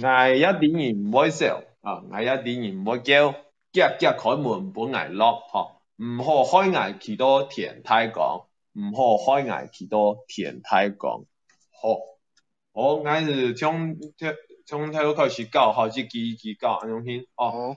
涯也知你毋會愁，啊涯也知你毋會噭，遽遽開門分涯落，呵毋好害涯企到天大光，毋好害涯企到天大光，好我挨是從頭從頭開始教，後至記記教安樣先，哦。